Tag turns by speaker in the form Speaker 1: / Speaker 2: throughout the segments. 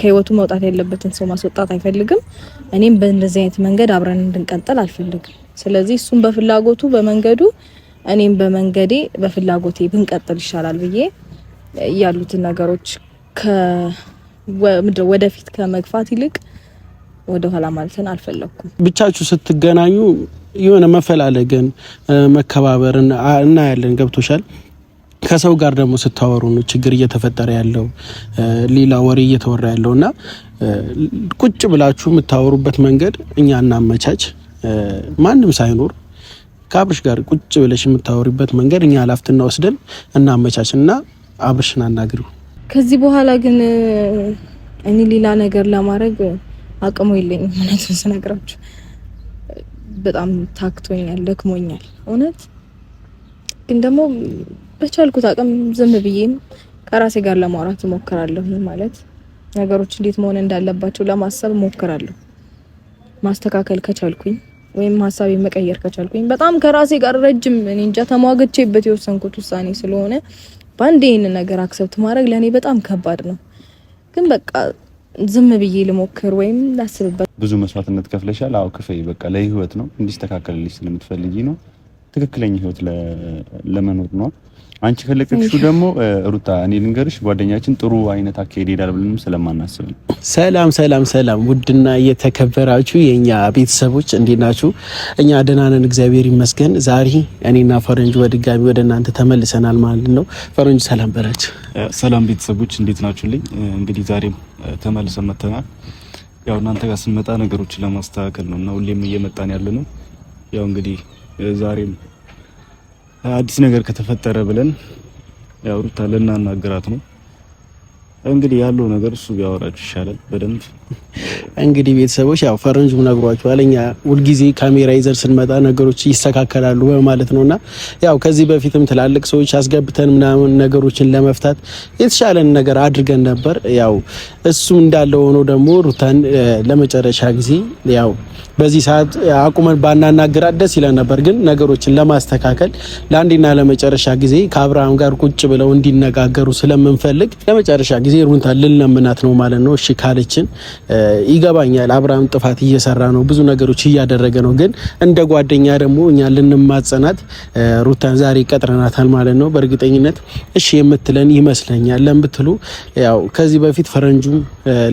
Speaker 1: ከህይወቱ መውጣት ያለበትን ሰው ማስወጣት አይፈልግም። እኔም በእንደዚህ አይነት መንገድ አብረን እንድንቀጥል አልፈልግም። ስለዚህ እሱም በፍላጎቱ በመንገዱ፣ እኔም በመንገዴ በፍላጎቴ ብንቀጥል ይሻላል ብዬ ያሉትን ነገሮች ወደፊት ከመግፋት ይልቅ ወደኋላ ማለትን አልፈለግኩም።
Speaker 2: ብቻችሁ ስትገናኙ የሆነ መፈላለግን መከባበርን እናያለን። ገብቶሻል ከሰው ጋር ደግሞ ስታወሩ ነው ችግር እየተፈጠረ ያለው፣ ሌላ ወሬ እየተወራ ያለው እና ቁጭ ብላችሁ የምታወሩበት መንገድ እኛ እናመቻች። ማንም ሳይኖር ከአብርሽ ጋር ቁጭ ብለሽ የምታወሪበት መንገድ እኛ ላፍትና ወስደን እናመቻች እና አብርሽን አናግሪው።
Speaker 1: ከዚህ በኋላ ግን እኔ ሌላ ነገር ለማድረግ አቅሙ የለኝም። እውነቱን ስነግራችሁ በጣም ታክቶኛል፣ ደክሞኛል። እውነት ግን ደግሞ በቻልኩት አቅም ዝም ብዬም ከራሴ ጋር ለማውራት እሞክራለሁ። ማለት ነገሮች እንዴት መሆን እንዳለባቸው ለማሰብ እሞክራለሁ። ማስተካከል ከቻልኩኝ ወይም ሀሳብ መቀየር ከቻልኩኝ በጣም ከራሴ ጋር ረጅም እኔ እንጃ ተሟግቼበት የወሰንኩት ውሳኔ ስለሆነ በአንድ ይህን ነገር አክሰብት ማድረግ ለእኔ በጣም ከባድ ነው። ግን በቃ ዝም ብዬ ልሞክር ወይም ላስብበት።
Speaker 2: ብዙ መስዋዕትነት ከፍለሻል። አዎ ክፈይ። በቃ ለህይወት ነው እንዲስተካከልልሽ ስለምትፈልጊ ነው። ትክክለኛ ህይወት ለመኖር ነው። አንቺ ፈለቀችው ደግሞ ሩታ፣ እኔ ልንገርሽ ጓደኛችን ጥሩ አይነት አካሄድ ሄዳል ብለንም ስለማናስብ ነው።
Speaker 3: ሰላም ሰላም ሰላም! ውድና የተከበራችሁ የኛ ቤተሰቦች እንዴት ናችሁ? እኛ ደህና ነን፣ እግዚአብሔር ይመስገን። ዛሬ እኔና ፈረንጅ በድጋሚ ወደ እናንተ ተመልሰናል ማለት ነው። ፈረንጅ ሰላም በላችሁ።
Speaker 2: ሰላም ቤተሰቦች እንዴት ናችሁልኝ? እንግዲህ ዛሬም ተመልሰን መተናል። ያው እናንተ ጋር ስንመጣ ነገሮችን ለማስተካከል ነው እና ሁሌም እየመጣን ያለ ነው። ያው እንግዲህ ዛሬም አዲስ ነገር ከተፈጠረ ብለን ያው ሩታ ልናናግራት ነው እንግዲህ ያለው ነገር እሱ ቢያወራችሁ ይሻላል። በደንብ
Speaker 3: እንግዲህ ቤተሰቦች ያው ፈረንጁ ነግሯችኋል። እኛ ሁልጊዜ ካሜራ ይዘን ስንመጣ ነገሮች ይስተካከላሉ ማለት ነውና ያው ከዚህ በፊትም ትላልቅ ሰዎች አስገብተን ምናምን ነገሮችን ለመፍታት የተሻለን ነገር አድርገን ነበር። ያው እሱ እንዳለ ሆኖ ደግሞ ሩታን ለመጨረሻ ጊዜ ያው በዚህ ሰዓት አቁመን ባናናግራት ደስ ይለን ነበር፣ ግን ነገሮችን ለማስተካከል ለአንዴና ለመጨረሻ ጊዜ ከአብርሃም ጋር ቁጭ ብለው እንዲነጋገሩ ስለምንፈልግ ለመጨረሻ ጊዜ ጊዜ ሩንታን ልንለምናት ነው ማለት ነው። እሺ ካለችን ይገባኛል። አብርሃም ጥፋት እየሰራ ነው፣ ብዙ ነገሮች እያደረገ ነው። ግን እንደ ጓደኛ ደግሞ እኛ ልንማጸናት ሩታን ዛሬ ቀጥረናታል ማለት ነው። በእርግጠኝነት እሺ የምትለን ይመስለኛል። ለምትሉ ያው ከዚህ በፊት ፈረንጁም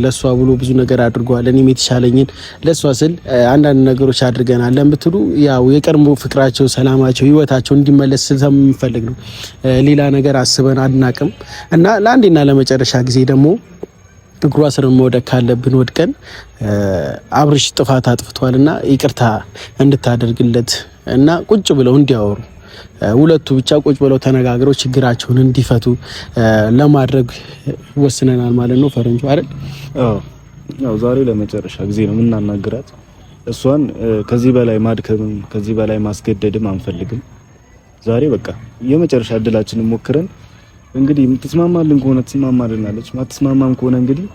Speaker 3: ለእሷ ብሎ ብዙ ነገር አድርጓል። እኔም የተሻለኝን ለእሷ ስል አንዳንድ ነገሮች አድርገናል ለምትሉ ያው የቀድሞ ፍቅራቸው፣ ሰላማቸው፣ ህይወታቸው እንዲመለስ ስለምንፈልግ ነው። ሌላ ነገር አስበን አድናቅም እና ለአንዴና ለመጨረሻ ጊዜ ደግሞ እግሯ ስር መውደቅ ካለብን ወድቀን አብርሽ ጥፋት አጥፍቷል እና ይቅርታ እንድታደርግለት እና ቁጭ ብለው እንዲያወሩ ሁለቱ ብቻ ቁጭ ብለው ተነጋግረው ችግራቸውን እንዲፈቱ ለማድረግ ወስነናል ማለት ነው። ፈረንጁ አይደል?
Speaker 2: አዎ፣ ዛሬ ለመጨረሻ ጊዜ ነው የምናናግራት። እሷን ከዚህ በላይ ማድከምም ከዚህ በላይ ማስገደድም አንፈልግም። ዛሬ በቃ የመጨረሻ እድላችንን ሞክረን እንግዲህ የምትስማማልን ከሆነ ትስማማልናለች፣ ማትስማማም ከሆነ እንግዲህ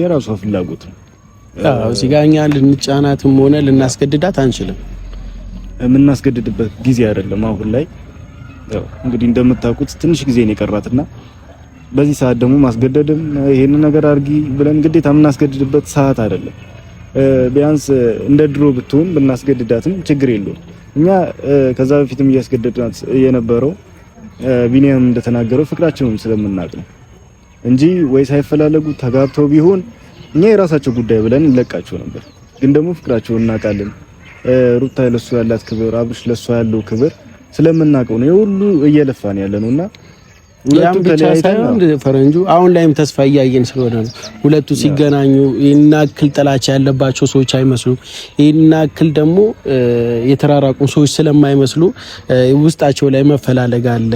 Speaker 2: የራሷ ፍላጎት ነው።
Speaker 3: አዎ እዚህ ጋር እኛ ልንጫናትም ሆነ ልናስገድዳት አንችልም።
Speaker 2: የምናስገድድበት ጊዜ አይደለም አሁን ላይ። እንግዲህ እንደምታውቁት ትንሽ ጊዜ ነው የቀራትና በዚህ ሰዓት ደግሞ ማስገደድም ይሄን ነገር አድርጊ ብለን ግዴታ የምናስገድድበት ሰዓት አይደለም። ቢያንስ እንደ ድሮ ብትሆን ብናስገድዳትም ችግር የለውም። እኛ ከዛ በፊትም እያስገደድናት የነበረው ቢኒያም እንደተናገረው ፍቅራቸውን ስለምናውቅ ነው እንጂ ወይ ሳይፈላለጉ ተጋብተው ቢሆን እኛ የራሳቸው ጉዳይ ብለን እንለቃቸው ነበር። ግን ደግሞ ፍቅራቸውን እናውቃለን። ሩታ ለሱ ያላት ክብር፣ አብርሽ ለሱ ያለው ክብር ስለምናውቀው ነው የሁሉ እየለፋን ያለነውና
Speaker 3: ብቻ ሳይሆን ፈረንጁ አሁን ላይም ተስፋ እያየን ስለሆነ ነው። ሁለቱ ሲገናኙ ይህን አክል ጥላቻ ያለባቸው ሰዎች አይመስሉም። ይህን አክል ደግሞ የተራራቁ ሰዎች ስለማይመስሉ ውስጣቸው ላይ መፈላለግ አለ፣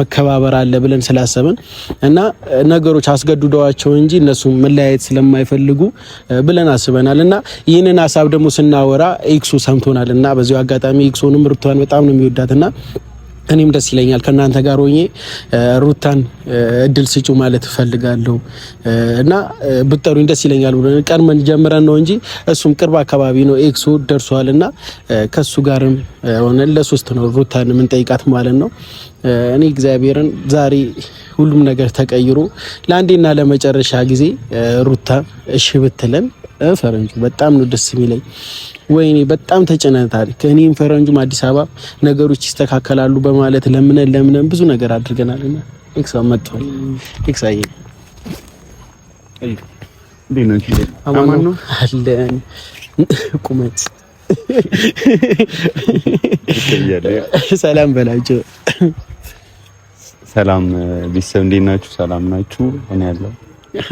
Speaker 3: መከባበር አለ ብለን ስላሰብን እና ነገሮች አስገድደዋቸው እንጂ እነሱ መለያየት ስለማይፈልጉ ብለን አስበናል እና ይህንን ሀሳብ ደግሞ ስናወራ ኤክሶ ሰምቶናል እና በዚሁ አጋጣሚ ኤክሶንም ርቷን በጣም ነው የሚወዳት እና እኔም ደስ ይለኛል ከእናንተ ጋር ሆኜ ሩታን እድል ስጩ ማለት እፈልጋለሁ እና ብጠሩኝ ደስ ይለኛል ብሎ ቀድመን ጀምረን ነው እንጂ እሱም ቅርብ አካባቢ ነው ኤክሱ ደርሷል እና ከሱ ጋርም ሆነ ለሶስት ነው ሩታን የምንጠይቃት ማለት ነው። እኔ እግዚአብሔርን ዛሬ ሁሉም ነገር ተቀይሮ ለአንዴና ለመጨረሻ ጊዜ ሩታ እሺ ብትለን ፈረንጁ በጣም ነው ደስ የሚለኝ። ወይኔ በጣም ተጨነታል። ከኔም ፈረንጁም አዲስ አበባ ነገሮች ይስተካከላሉ በማለት ለምነን ለምነን ብዙ ነገር አድርገናል እና ኤክስ መጥቷል። ኤክስ ይሄ ነው አለን ቁመት ሰላም በላቸው።
Speaker 2: ሰላም ቤተሰብ እንዴት ናችሁ? ሰላም ናችሁ? እኔ ያለው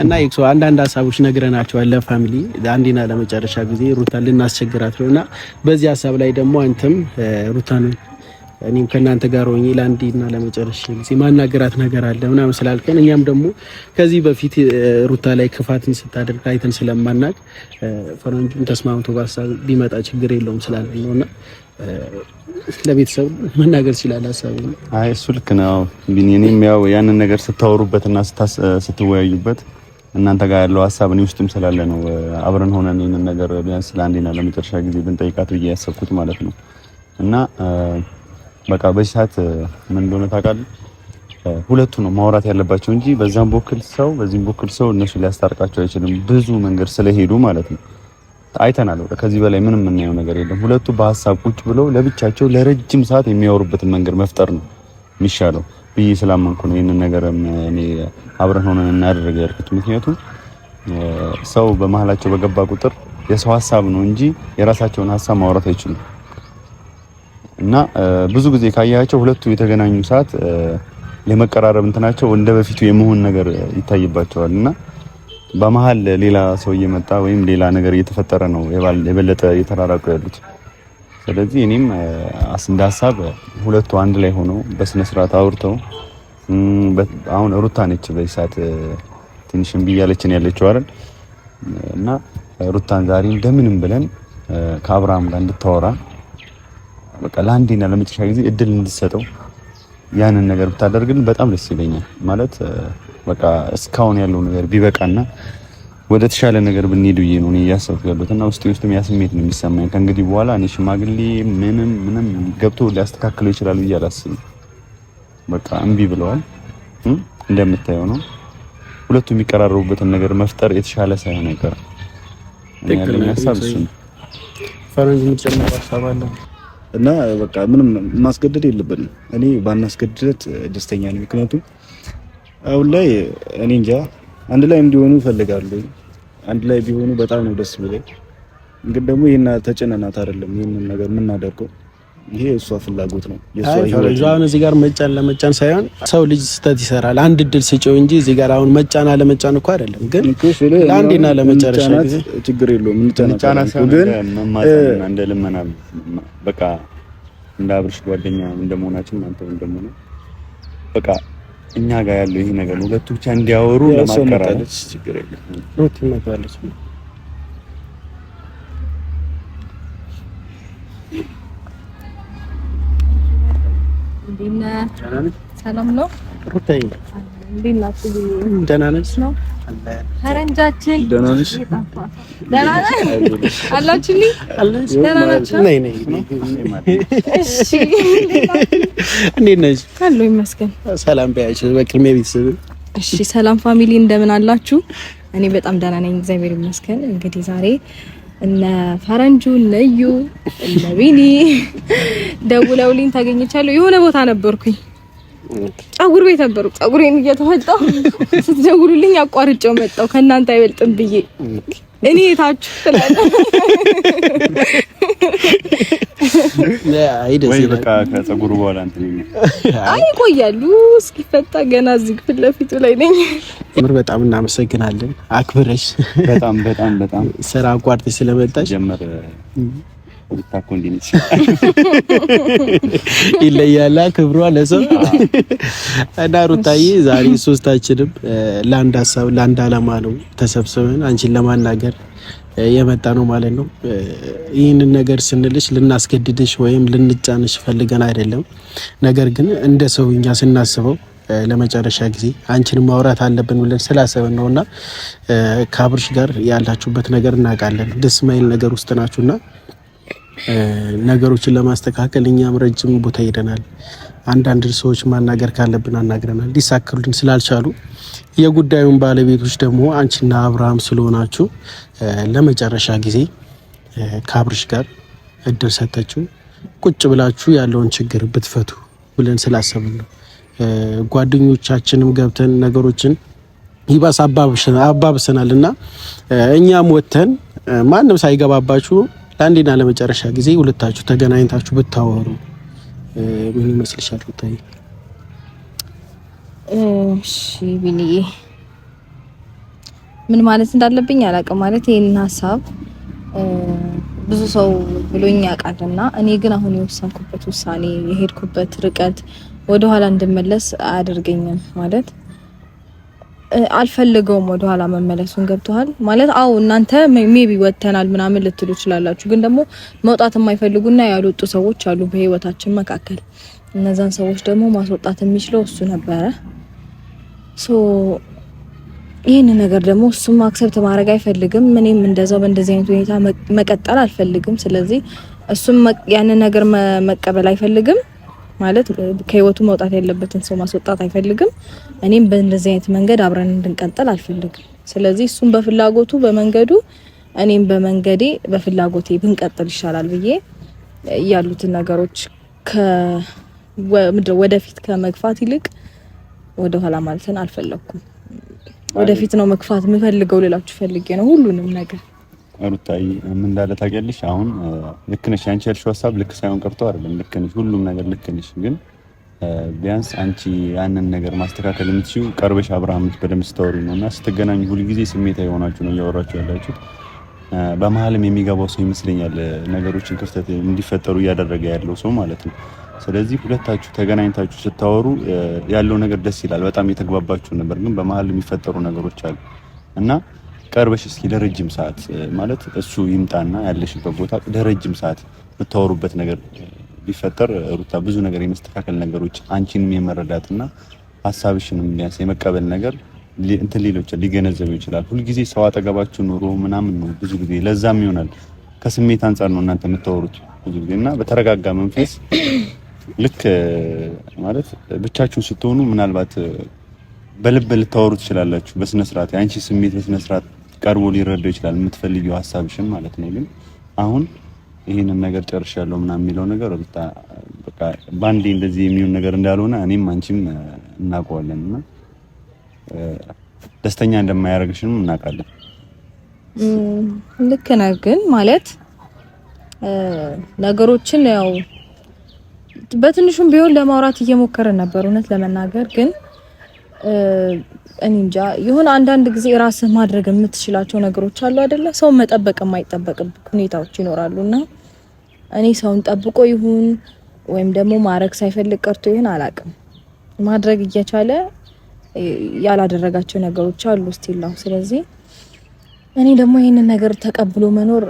Speaker 3: እና ይክሶ አንዳንድ ሀሳቦች ነግረናቸዋል ለፋሚሊ አንዴና ለመጨረሻ ጊዜ ሩታን ልናስቸግራት ነው እና በዚህ ሀሳብ ላይ ደግሞ አንተም ሩታን እኔም ከእናንተ ጋር ሆኜ ለአንዴና ለመጨረሻ ጊዜ ማናገራት ነገር አለ ምናምን ስላልከን እኛም ደግሞ ከዚህ በፊት ሩታ ላይ ክፋትን ስታደርግ አይተን ስለማናቅ ፈረንጁም ተስማምቶ በሀሳብ ቢመጣ ችግር የለውም ስላለ ነው እና ለቤተሰብ መናገር ይችላል ሀሳቡ።
Speaker 2: አይ እሱ ልክ ነው እኔም ያው ያንን ነገር ስታወሩበትና ስትወያዩበት እናንተ ጋር ያለው ሀሳብ እኔ ውስጥም ስላለ ነው አብረን ሆነን ይህንን ነገር ቢያንስ ለአንዴና ለመጨረሻ ጊዜ ብንጠይቃት ብዬ ያሰብኩት ማለት ነው እና በቃ በዚህ ሰዓት ምን እንደሆነ ታውቃለህ? ሁለቱ ነው ማውራት ያለባቸው እንጂ በዛም በኩል ሰው በዚህም በኩል ሰው እነሱ ሊያስታርቃቸው አይችልም። ብዙ መንገድ ስለሄዱ ማለት ነው። አይተናል። ወደ ከዚህ በላይ ምንም የምናየው ነገር የለም። ሁለቱ በሀሳብ ቁጭ ብለው ለብቻቸው ለረጅም ሰዓት የሚያወሩበትን መንገድ መፍጠር ነው የሚሻለው ብዬ ስላመንኩ ነው ይህንን ነገር እኔ አብረን ሆነን እናደርግ ያልኩት። ምክንያቱም ሰው በመሀላቸው በገባ ቁጥር የሰው ሀሳብ ነው እንጂ የራሳቸውን ሀሳብ ማውራት አይችሉም። እና ብዙ ጊዜ ካያቸው ሁለቱ የተገናኙ ሰዓት ለመቀራረብ እንትናቸው እንደ በፊቱ የመሆን ነገር ይታይባቸዋል እና በመሀል ሌላ ሰው እየመጣ ወይም ሌላ ነገር እየተፈጠረ ነው የበለጠ እየተራራቁ ያሉት። ስለዚህ እኔም እንደ ሀሳብ ሁለቱ አንድ ላይ ሆነው በስነ ስርዓት አውርተው አሁን ሩታ ነች በዚህ ሰዓት ትንሽ እምቢ እያለችን ያለችው አይደል እና ሩታን ዛሬ እንደምንም ብለን ከአብርሃም ጋር እንድታወራ በቃ ለአንዴና ለመጨረሻ ጊዜ እድል እንድሰጠው ያንን ነገር ብታደርግልን በጣም ደስ ይለኛል። ማለት በቃ እስካሁን ያለው ነገር ቢበቃና ወደ ተሻለ ነገር ብንሄድ ብዬ ነው እኔ እያሰብኩ ያለሁት እና ውስጤ ውስጥም ያ ስሜት ነው የሚሰማኝ። ከእንግዲህ በኋላ እኔ ሽማግሌ ምንም ምንም ገብቶ ሊያስተካክለው ይችላል ብዬ አላስብም። በቃ እምቢ ብለዋል። እንደምታየው ነው ሁለቱ የሚቀራረቡበትን ነገር መፍጠር የተሻለ ሳይሆን አይቀርም። ያለኝ ሀሳብ እሱ ነው።
Speaker 3: ፈረንጅ የምትጨምረው ሀሳብ አለ?
Speaker 2: እና በቃ ምንም ማስገደድ የለብንም። እኔ ባናስገድደት ደስተኛ ነኝ። ምክንያቱም አሁን ላይ እኔ እንጃ አንድ ላይ እንዲሆኑ ይፈልጋሉ። አንድ ላይ ቢሆኑ በጣም ነው ደስ ብለኝ። ግን ደግሞ ይህና ተጭነናት አይደለም ይህንን ነገር የምናደርገው ይሄ እሷ ፍላጎት ነው።
Speaker 3: ፈረንጇን እዚህ ጋር መጫን ለመጫን ሳይሆን ሰው ልጅ ስህተት ይሰራል። አንድ እድል ስጪው እንጂ እዚህ ጋር አሁን መጫና ለመጫን እኮ አይደለም፣ ግን ለአንዴና ለመጨረሻ ጊዜ
Speaker 2: ችግር የለውም እንደ ልመና በቃ እንደ አብርሽ ጓደኛ እንደመሆናችን አንተ እንደመሆነ በቃ እኛ ጋር ያለው ይሄ ነገር ሁለቱ ብቻ እንዲያወሩ ለማቀራረብ ችግር
Speaker 3: የለም። ሰላም ነው። ሩታዬ እንዴት ናችሁ? ደህና ነሽ?
Speaker 1: ፈረንጃችን ደህና ነሽ? ደህና ነሽ? አላችሁልኝ? ደህና ናችሁ?
Speaker 3: እሺ እንዴት ነሽ?
Speaker 1: አለሁ ይመስገን።
Speaker 3: ሰላም በቅድሚያ ቤተሰብ
Speaker 1: እሺ፣ ሰላም ፋሚሊ እንደምን አላችሁ? እኔ በጣም ደህና ነኝ፣ እግዚአብሔር ይመስገን። እንግዲህ ዛሬ እነ ፈረንጁ እነ እዩ እነ ቢኒ ደውለውልኝ ታገኘቻለሁ። የሆነ ቦታ ነበርኩኝ ጸጉር ቤት ነበሩ። ጸጉሬን እየተፈጣው ስትደውሉልኝ አቋርጬው መጣው ከእናንተ አይበልጥም ብዬ እኔ የታችሁ ስለነ
Speaker 2: ወይ በቃ ከጸጉሩ በኋላ እንትን
Speaker 1: አይ ይቆያሉ እስኪፈታ ገና እዚህ ፊት ለፊቱ ላይ ነኝ።
Speaker 3: ምር በጣም እናመሰግናለን። አክብረሽ
Speaker 2: በጣም በጣም በጣም
Speaker 3: ስራ አቋርጠሽ ስለመጣሽ
Speaker 2: ጀመረ ብታኮ እንዲነች
Speaker 3: ይለያላ ክብሯ ለሰው እና ሩታዬ፣ ዛሬ ሶስታችንም ለአንድ ሀሳብ ለአንድ አላማ ነው ተሰብስበን አንቺን ለማናገር የመጣ ነው ማለት ነው። ይህንን ነገር ስንልሽ ልናስገድድሽ ወይም ልንጫንሽ ፈልገን አይደለም። ነገር ግን እንደ ሰው እኛ ስናስበው ለመጨረሻ ጊዜ አንቺን ማውራት አለብን ብለን ስላሰብን ነው እና ከአብርሽ ጋር ያላችሁበት ነገር እናውቃለን። ደስ ማይል ነገር ውስጥ ናችሁና ነገሮችን ለማስተካከል እኛም ረጅም ቦታ ሄደናል። አንዳንድ ሰዎች ማናገር ካለብን አናግረናል። ሊሳክሉልን ስላልቻሉ የጉዳዩን ባለቤቶች ደግሞ አንቺና አብርሃም ስለሆናችሁ ለመጨረሻ ጊዜ ከአብርሽ ጋር እድል ሰጠችው ቁጭ ብላችሁ ያለውን ችግር ብትፈቱ ብለን ስላሰብን ነው። ጓደኞቻችንም ገብተን ነገሮችን ይባስ አባብሰናል እና እኛም ወጥተን ማንም ሳይገባባችሁ ለአንዴና ለመጨረሻ ጊዜ ሁለታችሁ ተገናኝታችሁ ብታወሩ ምን ይመስልሻል? ብታይ
Speaker 1: እሺ ቢኒዬ ምን ማለት እንዳለብኝ አላውቅም። ማለት ይሄን ሀሳብ ብዙ ሰው ብሎኝ ያውቃል እና እኔ ግን አሁን የወሰንኩበት ውሳኔ የሄድኩበት ርቀት ወደኋላ እንድመለስ አያደርገኝም ማለት ወደ ወደኋላ መመለሱን ገብተዋል ማለት አው እናንተ ሜቢ ወተናል ምናምን ልትሉ ይችላላችሁ። ግን ደግሞ መውጣት የማይፈልጉና ያልወጡ ሰዎች አሉ በህይወታችን መካከል እነዛን ሰዎች ደግሞ ማስወጣት የሚችለው እሱ ነበረ ሶ ይህን ነገር ደግሞ እሱም አክሰብት ማድረግ አይፈልግም እኔም እንደዛው በእንደዚህ አይነት ሁኔታ መቀጠል አልፈልግም ስለዚህ እሱም ያንን ነገር መቀበል አይፈልግም ማለት ከህይወቱ መውጣት ያለበትን ሰው ማስወጣት አይፈልግም። እኔም በእንደዚህ አይነት መንገድ አብረን እንድንቀጥል አልፈልግም። ስለዚህ እሱም በፍላጎቱ በመንገዱ፣ እኔም በመንገዴ በፍላጎቴ ብንቀጥል ይሻላል ብዬ ያሉትን ነገሮች ወደፊት ከመግፋት ይልቅ ወደኋላ ማለትን አልፈለግኩም። ወደፊት ነው መግፋት የምፈልገው ልላችሁ ፈልጌ ነው ሁሉንም ነገር
Speaker 2: ሩታይ ምን እንዳለ ታውቂያለሽ? አሁን ልክ ነሽ፣ አንቺ ያልሽው ሀሳብ ልክ ሳይሆን ቀርቶ አይደለም። ልክ ነሽ፣ ሁሉም ነገር ልክ ነሽ። ግን ቢያንስ አንቺ ያንን ነገር ማስተካከል የምትችይው ቀርበሽ አብርሃም በደንብ ስታወሪ ነው እና ስትገናኙ ሁልጊዜ ስሜታዊ የሆናችሁ ነው እያወራችሁ ያላችሁት። በመሀልም የሚገባው ሰው ይመስለኛል ነገሮችን ክፍተት እንዲፈጠሩ እያደረገ ያለው ሰው ማለት ነው። ስለዚህ ሁለታችሁ ተገናኝታችሁ ስታወሩ ያለው ነገር ደስ ይላል። በጣም የተግባባችሁ ነበር፣ ግን በመሀል የሚፈጠሩ ነገሮች አሉ እና ቀርበሽ እስኪ ለረጅም ሰዓት ማለት እሱ ይምጣና ያለሽበት ቦታ ለረጅም ሰዓት የምታወሩበት ነገር ቢፈጠር ሩታ ብዙ ነገር የመስተካከል ነገሮች አንቺንም የመረዳትና ሀሳብሽንም ቢያንስ የመቀበል ነገር እንትን ሌሎች ሊገነዘብ ይችላል። ሁልጊዜ ሰው አጠገባችሁ ኑሮ ምናምን ነው ብዙ ጊዜ ለዛም ይሆናል ከስሜት አንጻር ነው እናንተ የምታወሩት ብዙ ጊዜ እና በተረጋጋ መንፈስ ልክ ማለት ብቻችሁን ስትሆኑ ምናልባት በልብ ልታወሩ ትችላላችሁ። በስነስርዓት የአንቺ ስሜት በስነስርዓት ቀርቦ ሊረዳው ይችላል። የምትፈልጊው ሀሳብሽም ማለት ነው። ግን አሁን ይህንን ነገር ጨርሻለሁ ምናምን የሚለው ነገር በቃ በአንዴ እንደዚህ የሚሆን ነገር እንዳልሆነ እኔም አንቺም እናውቀዋለን እና ደስተኛ እንደማያደርግሽንም እናውቃለን።
Speaker 1: ልክ ነህ። ግን ማለት ነገሮችን ያው በትንሹም ቢሆን ለማውራት እየሞከረን ነበር እውነት ለመናገር ግን እኔ እንጃ አንዳንድ ጊዜ ራስህ ማድረግ የምትችላቸው ነገሮች አሉ አይደለ? ሰው መጠበቅ የማይጠበቅብህ ሁኔታዎች ይኖራሉ እና እኔ ሰውን ጠብቆ ይሁን ወይም ደግሞ ማድረግ ሳይፈልግ ቀርቶ ይሁን አላቅም ማድረግ እየቻለ ያላደረጋቸው ነገሮች አሉ ስቲላሁ ስለዚህ እኔ ደግሞ ይህንን ነገር ተቀብሎ መኖር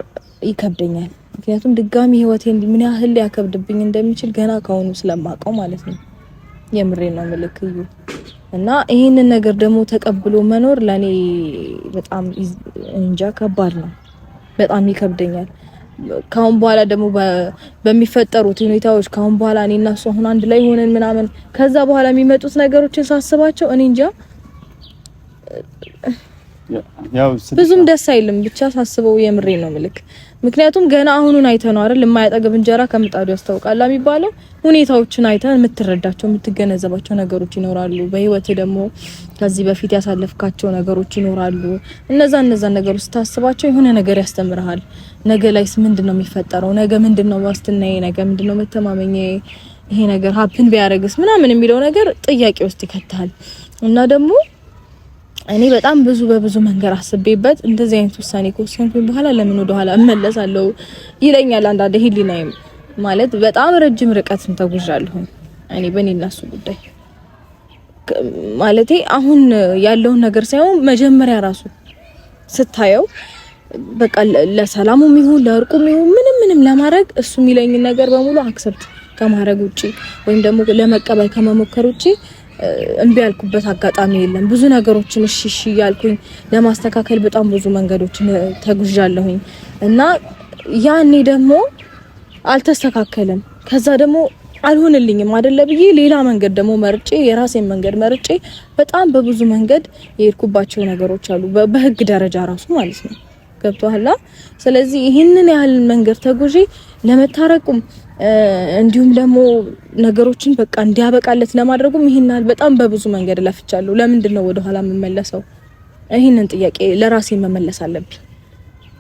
Speaker 1: ይከብደኛል። ምክንያቱም ድጋሚ ህይወቴ ምን ያህል ሊያከብድብኝ እንደሚችል ገና ከሆኑ ስለማውቀው ማለት ነው። የምሬ ነው ምልክዩ እና ይህንን ነገር ደግሞ ተቀብሎ መኖር ለእኔ በጣም እንጃ ከባድ ነው። በጣም ይከብደኛል። ካሁን በኋላ ደግሞ በሚፈጠሩት ሁኔታዎች ካሁን በኋላ እኔ እና እሱ አሁን አንድ ላይ ሆነን ምናምን ከዛ በኋላ የሚመጡት ነገሮችን ሳስባቸው እኔ እንጃ ብዙም ደስ አይልም። ብቻ ሳስበው የምሬ ነው ምልክ ምክንያቱም ገና አሁኑን አይተህ ነው አይደል የማያጠገብ እንጀራ ከምጣዱ ያስታውቃል የሚባለው። ሁኔታዎችን አይተህ የምትረዳቸው የምትገነዘባቸው ነገሮች ይኖራሉ። በህይወት ደግሞ ከዚህ በፊት ያሳለፍካቸው ነገሮች ይኖራሉ። እነዛ እነዛ ነገሮች ስታስባቸው የሆነ ነገር ያስተምርሃል። ነገ ላይስ ምንድን ነው የሚፈጠረው? ነገ ምንድን ነው ዋስትናዬ? ነገ ምንድን ነው መተማመኛዬ? ይሄ ነገር ሀፕን ቢያደርግስ ምናምን የሚለው ነገር ጥያቄ ውስጥ ይከታል እና ደግሞ እኔ በጣም ብዙ በብዙ መንገድ አስቤበት እንደዚህ አይነት ውሳኔ ከወሰንኩኝ በኋላ ለምን ወደ ኋላ እመለሳለሁ ይለኛል አንዳንዴ ህሊናዬም። ማለት በጣም ረጅም ርቀት ተጉዣለሁ እኔ በእኔ እናሱ ጉዳይ ማለቴ አሁን ያለውን ነገር ሳይሆን መጀመሪያ ራሱ ስታየው በቃ ለሰላሙም ይሁን ለእርቁም ይሁን ምንም ምንም ለማድረግ እሱ የሚለኝን ነገር በሙሉ አክሰብት ከማድረግ ውጪ ወይም ደግሞ ለመቀበል ከመሞከር ውጪ እምቢ ያልኩበት አጋጣሚ የለም። ብዙ ነገሮችን እሺ እሺ እያልኩኝ ለማስተካከል በጣም ብዙ መንገዶችን ተጉዣለሁኝ እና ያኔ ደግሞ አልተስተካከለም። ከዛ ደግሞ አልሆንልኝም አይደለ ብዬ ሌላ መንገድ ደግሞ መርጬ የራሴን መንገድ መርጬ በጣም በብዙ መንገድ የሄድኩባቸው ነገሮች አሉ፣ በህግ ደረጃ ራሱ ማለት ነው። ገብቶሃል? ስለዚህ ይህንን ያህል መንገድ ተጉዤ ለመታረቁም እንዲሁም ደግሞ ነገሮችን በቃ እንዲያበቃለት ለማድረጉም ይሄናል በጣም በብዙ መንገድ ለፍቻለሁ። ለምንድን ነው ወደኋላ የምመለሰው? ይህንን ጥያቄ ለራሴ መመለስ አለብኝ።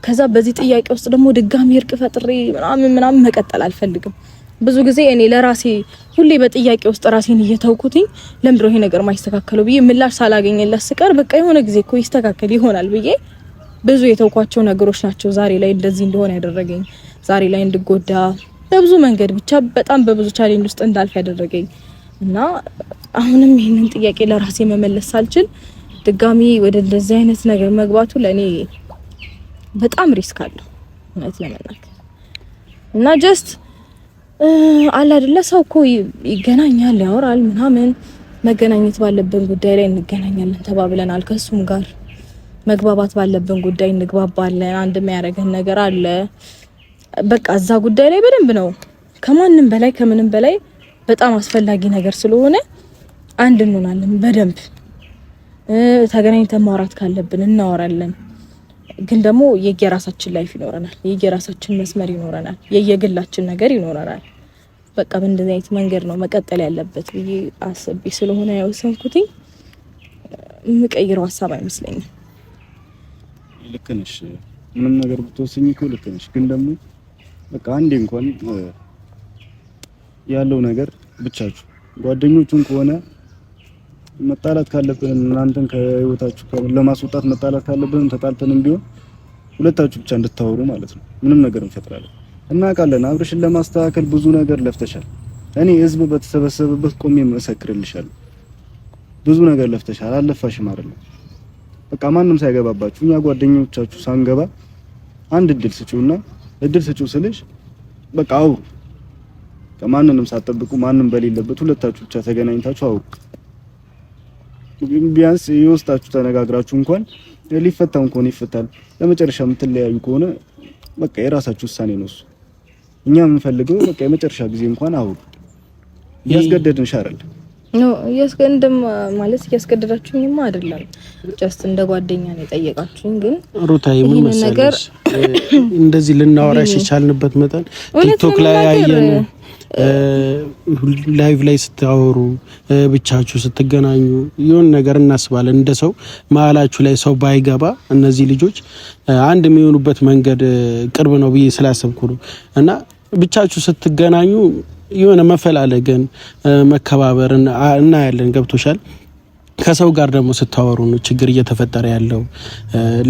Speaker 1: ከዛ በዚህ ጥያቄ ውስጥ ደግሞ ድጋሚ እርቅ ፈጥሬ ምናምን ምናምን መቀጠል አልፈልግም። ብዙ ጊዜ እኔ ለራሴ ሁሌ በጥያቄ ውስጥ ራሴን እየተውኩትኝ ለምድሮ ይሄ ነገር ማይስተካከለው ብዬ ምላሽ ሳላገኝለት ስቀር በቃ የሆነ ጊዜ እኮ ይስተካከል ይሆናል ብዬ ብዙ የተውኳቸው ነገሮች ናቸው ዛሬ ላይ እንደዚህ እንደሆነ ያደረገኝ ዛሬ ላይ እንድጎዳ በብዙ መንገድ ብቻ በጣም በብዙ ቻሌንጅ ውስጥ እንዳልፍ ያደረገኝ እና አሁንም ይህንን ጥያቄ ለራሴ መመለስ ሳልችል ድጋሚ ወደ እንደዚህ አይነት ነገር መግባቱ ለእኔ በጣም ሪስክ አለው እውነት ለመናገር እና ጀስት አለ አይደለ ሰው እኮ ይገናኛል፣ ያወራል፣ ምናምን መገናኘት ባለብን ጉዳይ ላይ እንገናኛለን ተባብለናል። ከሱም ጋር መግባባት ባለብን ጉዳይ እንግባባለን። አንድ የሚያደርገን ነገር አለ በቃ እዛ ጉዳይ ላይ በደንብ ነው ከማንም በላይ ከምንም በላይ በጣም አስፈላጊ ነገር ስለሆነ አንድ እንሆናለን። በደንብ ተገናኝተን ማውራት ካለብን እናወራለን። ግን ደግሞ የየራሳችን ላይፍ ይኖረናል፣ የየራሳችን መስመር ይኖረናል፣ የየግላችን ነገር ይኖረናል። በቃ በእንደዚህ አይነት መንገድ ነው መቀጠል ያለበት ብዬ አስቤ ስለሆነ የወሰንኩትኝ የምቀይረው ሀሳብ አይመስለኝም።
Speaker 2: ልክ ነሽ፣ ምንም ነገር ብትወስኝ እኮ ልክ ነሽ፣ ግን ደግሞ በቃ አንዴ እንኳን ያለው ነገር ብቻችሁ ጓደኞቹን ከሆነ መጣላት ካለብን እናንተን ከህይወታችሁ ለማስወጣት መጣላት ካለብን ተጣልተንም ቢሆን ሁለታችሁ ብቻ እንድታወሩ ማለት ነው። ምንም ነገር እንፈጥራለን እና ቃለን አብርሽን ለማስተካከል ብዙ ነገር ለፍተሻል። እኔ ህዝብ በተሰበሰበበት ቆሜ መሰክርልሻለሁ። ብዙ ነገር ለፍተሻል፣ አልለፋሽም አይደለም። በቃ ማንም ሳይገባባችሁ እኛ ጓደኞቻችሁ ሳንገባ አንድ እድል ስጪውና እድል ስጪው ስልሽ በቃ አውሩ። ከማንንም ሳትጠብቁ ማንም በሌለበት ሁለታችሁ ብቻ ተገናኝታችሁ አውሩ። ቢያንስ የውስጣችሁ ተነጋግራችሁ እንኳን ሊፈታ እንኳን ይፈታል። ለመጨረሻ የምትለያዩ ከሆነ በቃ የራሳችሁ ውሳኔ ነው እሱ። እኛ የምንፈልገው በቃ የመጨረሻ ጊዜ እንኳን አውሩ። እያስገደድንሽ አይደል
Speaker 1: ያስገንደም ማለት እያስገደዳችሁኝማ አይደለም። ጀስት እንደ ጓደኛ ነው የጠየቃችሁኝ። ግን
Speaker 3: ሩታ ምን መሰለሽ እንደዚህ ልናወራሽ የቻልንበት መጠን ቲክቶክ ላይ ያየን ላይቭ ላይ ስታወሩ ብቻችሁ ስትገናኙ ይሁን ነገር እናስባለን። እንደ ሰው መሀላችሁ ላይ ሰው ባይገባ እነዚህ ልጆች አንድ የሚሆኑበት መንገድ ቅርብ ነው ብዬ ስላሰብኩ ነው እና ብቻችሁ ስትገናኙ የሆነ መፈላለግን መከባበርን እናያለን። ገብቶሻል። ከሰው ጋር ደግሞ ስታወሩ ነው ችግር እየተፈጠረ ያለው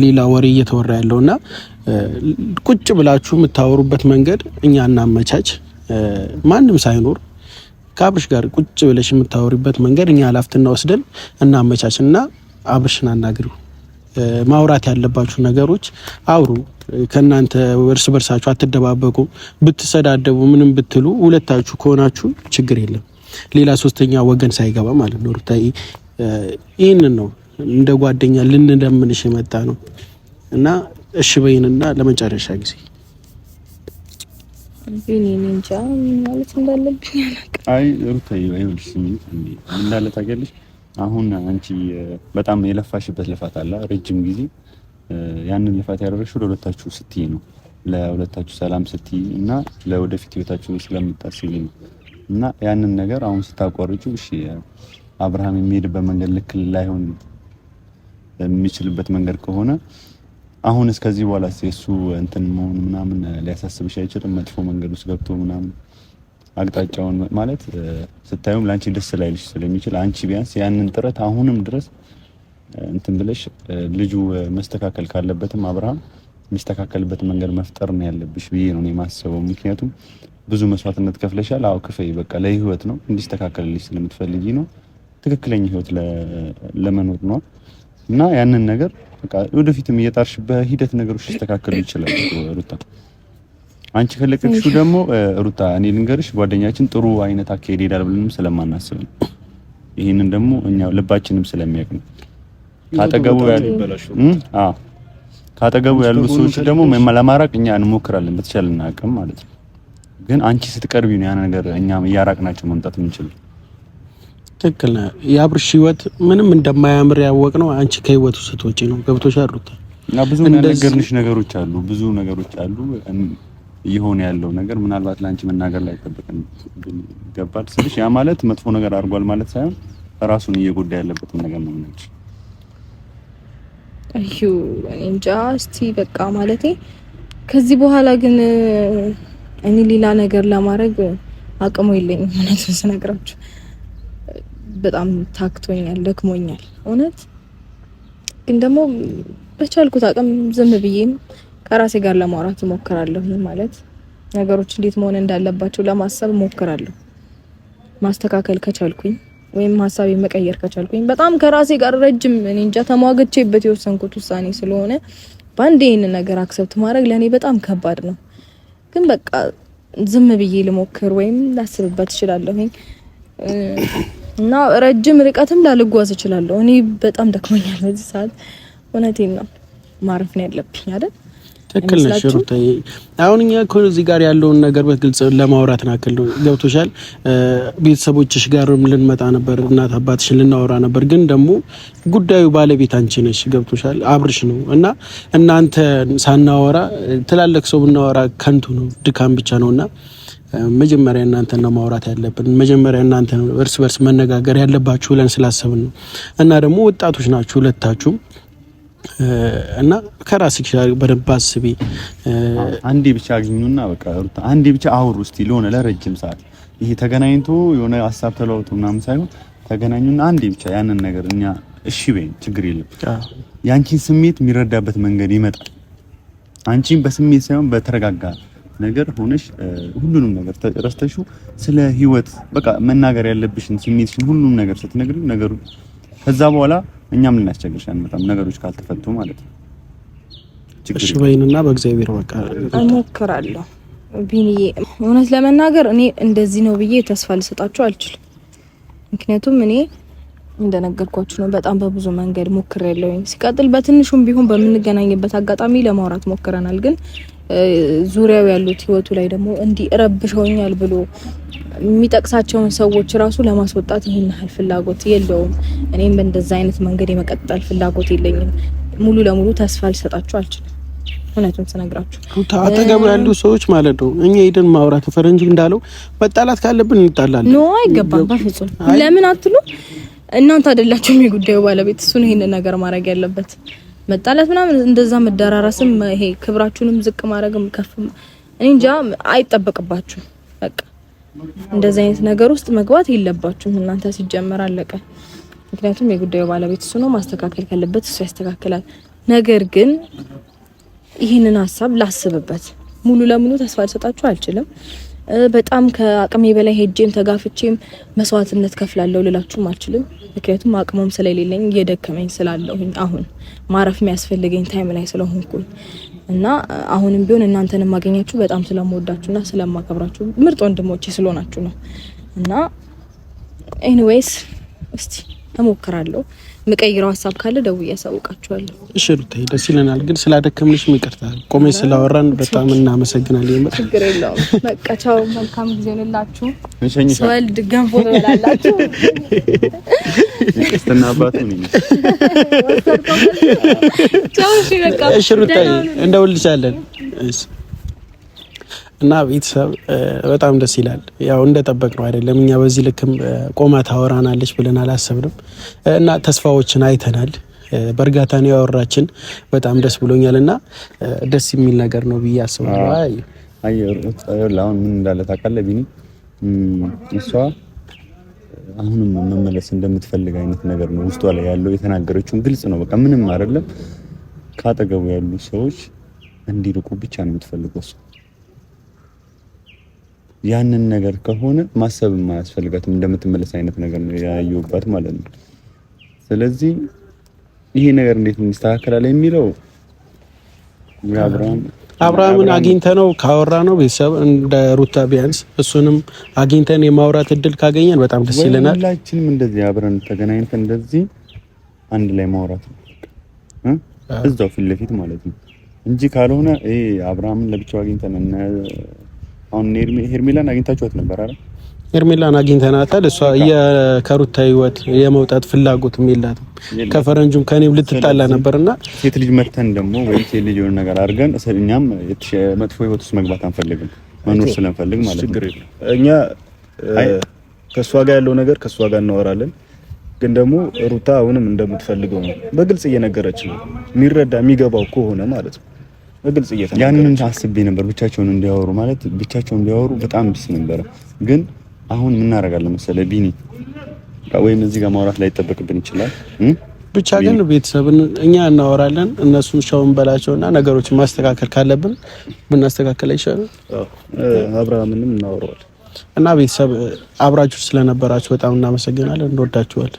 Speaker 3: ሌላ ወሬ እየተወራ ያለው እና ቁጭ ብላችሁ የምታወሩበት መንገድ እኛ እናመቻች። ማንም ሳይኖር ከአብርሽ ጋር ቁጭ ብለሽ የምታወሪበት መንገድ እኛ ላፍትና ወስደን እናመቻች እና አብርሽን አናግሪው። ማውራት ያለባችሁ ነገሮች አውሩ። ከእናንተ እርስ በርሳችሁ አትደባበቁ። ብትሰዳደቡ ምንም ብትሉ ሁለታችሁ ከሆናችሁ ችግር የለም ሌላ ሶስተኛ ወገን ሳይገባ ማለት ነው። ሩታ ይህንን ነው እንደ ጓደኛ ልንለምንሽ የመጣ ነው እና እሺ በይንና ለመጨረሻ ጊዜ
Speaker 2: አይ ሩታዬ አሁን አንቺ በጣም የለፋሽበት ልፋት አለ ረጅም ጊዜ ያንን ልፋት ያደረግሽው ለሁለታችሁ ስትይ ነው፣ ለሁለታችሁ ሰላም ስትይ እና ለወደፊት ህይወታችሁ ስለምታስቢ ነው። እና ያንን ነገር አሁን ስታቋርጩ እሺ አብርሃም የሚሄድበት መንገድ ልክ ላይሆን የሚችልበት መንገድ ከሆነ አሁን እስከዚህ በኋላ የሱ እንትን መሆኑ ምናምን ሊያሳስብሽ አይችልም። መጥፎ መንገድ ውስጥ ገብቶ ምናምን አቅጣጫውን ማለት ስታዩም ለአንቺ ደስ ላይልሽ ስለሚችል አንቺ ቢያንስ ያንን ጥረት አሁንም ድረስ እንትን ብለሽ ልጁ መስተካከል ካለበትም አብርሃም የሚስተካከልበት መንገድ መፍጠር ነው ያለብሽ ብዬ ነው የማስበው። ምክንያቱም ብዙ መስዋዕትነት ከፍለሻል። አዎ ክፈይ፣ በቃ ለህይወት ነው እንዲስተካከልልሽ ስለምትፈልጊ ነው። ትክክለኛ ህይወት ለመኖር ነው እና ያንን ነገር በቃ ወደፊትም እየጣርሽ በሂደት ነገሮች ሊስተካከሉ ይችላል ሩታ አንቺ ከለቀቅሽው ደግሞ ሩታ እኔ ልንገርሽ፣ ጓደኛችን ጥሩ አይነት አካሄድ ሄዳል ብለንም ስለማናስብ ነው። ይህንን ደግሞ እኛ ልባችንም ስለሚያውቅ ነው። ካጠገቡ ካጠገቡ ያሉ ሰዎች ደግሞ ለማራቅ እኛ እንሞክራለን በተቻለን አቅም ማለት ነው። ግን አንቺ ስትቀርቢ ነው ያ ነገር እኛ እያራቅናቸው መምጣት የምንችል።
Speaker 3: ትክክል ነህ። የአብርሽ ህይወት ምንም እንደማያምር ያወቅ ነው አንቺ ከህይወቱ ስትወጪ ነው። ገብቶሽ አሉት
Speaker 2: እና ብዙ ያልነገርንሽ ነገሮች አሉ፣ ብዙ ነገሮች አሉ። እየሆነ ያለው ነገር ምናልባት ለአንቺ መናገር ላይ ጠበቅን ይገባል ስልሽ ያ ማለት መጥፎ ነገር አድርጓል ማለት ሳይሆን ራሱን እየጎዳ ያለበትን ነገር ነው።
Speaker 1: እንጃ እስቲ በቃ ማለቴ ከዚህ በኋላ ግን እኔ ሌላ ነገር ለማድረግ አቅሙ የለኝም። እውነቱን ስነግራችሁ በጣም ታክቶኛል፣ ደክሞኛል። እውነት ግን ደግሞ በቻልኩት አቅም ዝም ብዬም ከራሴ ጋር ለማውራት እሞክራለሁ። ማለት ነገሮች እንዴት መሆን እንዳለባቸው ለማሰብ እሞክራለሁ ማስተካከል ከቻልኩኝ ወይም ሀሳቤ መቀየር ከቻልኩኝ በጣም ከራሴ ጋር ረጅም እኔ እንጃ ተሟግቼበት የወሰንኩት ውሳኔ ስለሆነ በአንድ ይህን ነገር አክሰብት ማድረግ ለእኔ በጣም ከባድ ነው። ግን በቃ ዝም ብዬ ልሞክር ወይም ላስብበት እችላለሁኝ እና ረጅም ርቀትም ላልጓዝ እችላለሁ። እኔ በጣም ደክሞኛል በዚህ ሰዓት። እውነቴን ነው። ማረፍ ነው ያለብኝ አይደል?
Speaker 3: ትክክል ነሽ ሩታዬ። አሁን እኛ እኮ እዚህ ጋር ያለውን ነገር በግልጽ ለማውራት ናክል ገብቶሻል። ቤተሰቦችሽ ጋርም ልንመጣ ነበር፣ እናት አባትሽን ልናወራ ነበር። ግን ደግሞ ጉዳዩ ባለቤት አንቺ ነሽ፣ ገብቶሻል። አብርሽ ነው እና እናንተ ሳናወራ ትላልቅ ሰው ብናወራ ከንቱ ነው፣ ድካም ብቻ ነው እና መጀመሪያ እናንተ ነው ማውራት ያለብን። መጀመሪያ እናንተ ነው እርስ በርስ መነጋገር ያለባችሁ ብለን ስላሰብን ነው እና ደግሞ ወጣቶች ናችሁ ሁለታችሁም እና ከራስ ይችላል በደንብ አስቢ።
Speaker 2: አንዴ ብቻ አግኙና በቃ አንዴ ብቻ አውሩ እስቲ ለሆነ ለረጅም ሰዓት ይሄ ተገናኝቶ የሆነ ሀሳብ ተለዋውጡ ምናምን ሳይሆን ተገናኙና አንዴ ብቻ ያንን ነገር እኛ እሺ በይን፣ ችግር የለም የአንቺን ስሜት የሚረዳበት መንገድ ይመጣል። አንቺን በስሜት ሳይሆን በተረጋጋ ነገር ሆነሽ ሁሉንም ነገር ረስተሽው ስለ ህይወት በቃ መናገር ያለብሽን ስሜትሽን ሁሉም ነገር ስትነግሪው ነገሩ ከዛ በኋላ እኛም ልናስቸግርሽ አንመጣም፣ ነገሮች ካልተፈቱ ማለት ነው።
Speaker 3: እሺ በይንና በእግዚአብሔር በቃ
Speaker 1: እሞክራለሁ። ቢኒዬ እውነት ለመናገር እኔ እንደዚህ ነው ብዬ ተስፋ ልሰጣችሁ አልችልም። ምክንያቱም እኔ እንደነገርኳችሁ ነው በጣም በብዙ መንገድ ሞክሬ ያለሁኝ። ሲቀጥል በትንሹም ቢሆን በምንገናኝበት አጋጣሚ ለማውራት ሞክረናል፣ ግን ዙሪያው ያሉት ህይወቱ ላይ ደግሞ እንዲህ ረብሸውኛል ብሎ የሚጠቅሳቸውን ሰዎች ራሱ ለማስወጣት ይህን ያህል ፍላጎት የለውም። እኔም በእንደዛ አይነት መንገድ የመቀጠል ፍላጎት የለኝም። ሙሉ ለሙሉ ተስፋ ልሰጣችሁ አልችልም። እውነቱን ስነግራችሁ
Speaker 3: ያሉ ሰዎች ማለት ነው። እኛ ሄደን ማውራት ፈረንጅ እንዳለው መጣላት ካለብን እንጣላለን።
Speaker 1: ኖ አይገባም፣ በፍጹም ለምን አትሉ። እናንተ አይደላችሁም የጉዳዩ ባለቤት። እሱን ይህንን ነገር ማድረግ ያለበት መጣላት ምናምን እንደዛ መደራረስም ይሄ ክብራችሁንም ዝቅ ማድረግም ከፍም እኔ እንጃ አይጠበቅባችሁ። በቃ እንደዚህ አይነት ነገር ውስጥ መግባት የለባችሁም እናንተ ሲጀመር አለቀ። ምክንያቱም የጉዳዩ ባለቤት እሱ ነው፣ ማስተካከል ካለበት እሱ ያስተካክላል። ነገር ግን ይህንን ሀሳብ ላስብበት። ሙሉ ለሙሉ ተስፋ ልሰጣችሁ አልችልም። በጣም ከአቅሜ በላይ ሄጄም ተጋፍቼም መስዋዕትነት ከፍላለሁ ልላችሁም አልችልም። ምክንያቱም አቅሙም ስለሌለኝ እየደከመኝ ስላለሁኝ አሁን ማረፍ የሚያስፈልገኝ ታይም ላይ ስለሆንኩኝ እና አሁንም ቢሆን እናንተን የማገኛችሁ በጣም ስለምወዳችሁና ስለማከብራችሁ ምርጥ ወንድሞቼ ስለሆናችሁ ነው እና ኤኒዌይስ እስቲ እሞክራለሁ። የምቀይረው ሀሳብ ካለ ደውዬ አሳውቃችኋለሁ።
Speaker 3: እሺ ሩታዬ፣ ደስ ይለናል፣ ግን ስላደከምንሽ ይቅርታ። ቆሜ ስላወራን በጣም እናመሰግናለን። ይመጣ
Speaker 1: ችግር የለውም። በቃ ቻው፣ መልካም ጊዜ ሆንላችሁ። ስወልድ ገንፎ ትበላላችሁ።
Speaker 2: ክርስትና አባቱ ነኝ።
Speaker 1: ቻው። እሺ በቃ
Speaker 3: እሺ ሩታዬ፣ እንደውልሻለን። እሺ እና ቤተሰብ በጣም ደስ ይላል። ያው እንደጠበቅ ነው አይደለም። እኛ በዚህ ልክም ቆማ ታወራናለች ብለን አላሰብንም እና ተስፋዎችን አይተናል። በእርጋታ ነው ያወራችን። በጣም ደስ ብሎኛል እና ደስ የሚል ነገር ነው ብዬ አስባለሁ። አሁን ምን እንዳለ ታውቃለህ ቢኒ? እሷ አሁንም መመለስ እንደምትፈልግ አይነት ነገር ነው ውስጧ ላይ ያለው። የተናገረችውን ግልጽ ነው። በቃ ምንም አይደለም። ካጠገቡ ያሉ ሰዎች እንዲርቁ ብቻ ነው የምትፈልገው እሷ ያንን ነገር ከሆነ ማሰብ የማያስፈልጋትም እንደምትመለስ አይነት ነገር ነው ያየሁባት ማለት ነው። ስለዚህ ይሄ ነገር እንዴት ይስተካከላል የሚለው አብርሃም አብርሃምን አግኝተ ነው ካወራ ነው ቤተሰብ እንደ ሩታ ቢያንስ እሱንም አግኝተን የማውራት እድል ካገኘን በጣም ደስ ይለናል። ሁላችንም እንደዚህ አብረን ተገናኝተን እንደዚህ አንድ ላይ ማውራት ነው እዛው ፊት ለፊት ማለት ነው እንጂ ካልሆነ ይሄ አብርሃምን ለብቻው አግኝተን አሁን ሄርሜላን አግኝታችኋት ነበር አይደል? ሄርሜላን አግኝተናታል። እሷ ከሩታ ህይወት የመውጣት ፍላጎት የላትም። ከፈረንጁም ከኔም ልትጣላ ነበርና ሴት ልጅ መተን ደግሞ ወይ ሴት ልጅ የሆነ ነገር አድርገን እኛም መጥፎ ህይወት ውስጥ መግባት አንፈልግም። መኖር ስለንፈልግ ማለት ነው። እኛ ከእሷ ጋር ያለው ነገር ከእሷ ጋር እናወራለን። ግን ደግሞ ሩታ አሁንም እንደምትፈልገው ነው በግልጽ እየነገረች ነው። የሚረዳ የሚገባው ከሆነ ማለት ነው በግልጽ እየተናገረች ያንንም አስቤ ነበር። ብቻቸውን እንዲያወሩ ማለት ብቻቸውን እንዲያወሩ በጣም ደስ ነበረ። ግን አሁን ምን እናደርጋለን መሰለ ቢኒ፣ ወይም እዚህ ጋር ማውራት ላይጠበቅብን ይችላል። ብቻ ግን ቤተሰብን እኛ እናወራለን፣ እነሱ ሻውን በላቸውና ነገሮችን ማስተካከል ካለብን ብናስተካከል አይሻልም? አብርሃምንም እናወራዋለን። እና ቤተሰብ አብራችሁ ስለነበራችሁ በጣም እናመሰግናለን። እንወዳችኋለን።